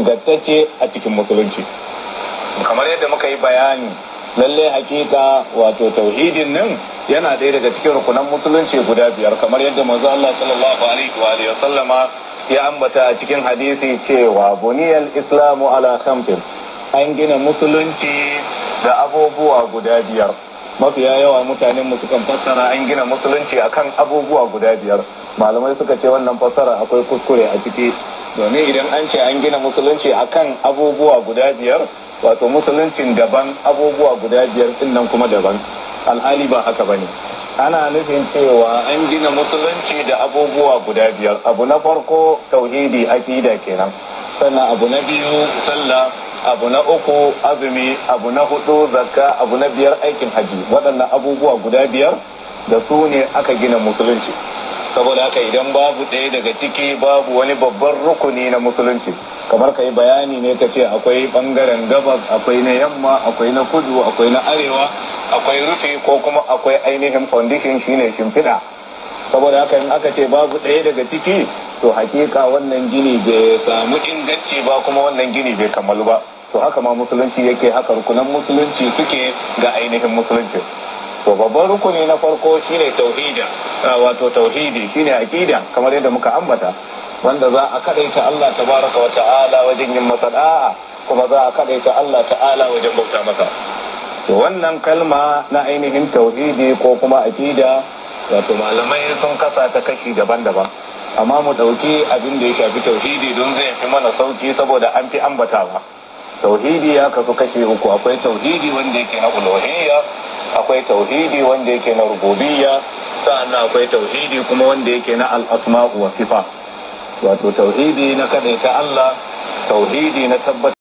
ingantacce a cikin musulunci kamar yadda muka yi bayani lallai hakika wato tauhidin nan yana ɗaya daga cikin rukunan musulunci guda biyar kamar yadda manzo Allah sallallahu alaihi wa sallama ya ambata a cikin hadisi cewa buniyal islamu ala khamsin an gina musulunci da abubuwa guda biyar mafiya yawa mutanen mu sukan fassara an gina musulunci akan abubuwa guda biyar malamai suka ce wannan fassara akwai kuskure a ciki domin idan an ce an gina musulunci akan abubuwa guda biyar wato musuluncin daban abubuwa guda biyar din nan kuma daban alhali ba haka bane ana nufin cewa an gina musulunci da abubuwa guda biyar abu na farko tauhidi akida kenan sannan abu na biyu sallah abu na uku azumi abu na hudu zakka abu na biyar aikin haji waɗannan abubuwa guda biyar da su ne aka gina musulunci saboda haka idan babu ɗaya daga ciki babu wani babban rukuni na musulunci kamar ka yi bayani ne ka ce akwai ɓangaren gabas akwai na yamma akwai na kudu akwai na arewa akwai rufi ko kuma akwai ainihin foundation shine shimfiɗa saboda haka in aka ce babu ɗaya daga ciki to hakika wannan gini bai samu inganci ba kuma wannan gini bai kammalu ba to haka ma musulunci yake haka rukunan musulunci suke ga ainihin musulunci to babban rukuni na farko shine tauhida ah, wato tauhidi shine aqida kamar yadda muka ambata wanda za a kadaita Allah tabaraka wa ta'ala wajen yin masa da'a kuma za a kadaita Allah ta'ala wajen bauta masa to wannan kalma na ainihin tauhidi ko kuma aqida wato malamai sun kasa ta kashi daban-daban amma mu dauki abin da ya shafi tauhidi don zai fi mana sauki saboda an fi ambatawa tauhidi ya kasu kashe uku akwai tauhidi wanda yake na ulohiyya akwai tauhidi wanda yake na rububiyya sa'annan akwai tauhidi kuma wanda yake na al'asma'u wa sifa wato tauhidi na kadaita Allah tauhidi na tabbata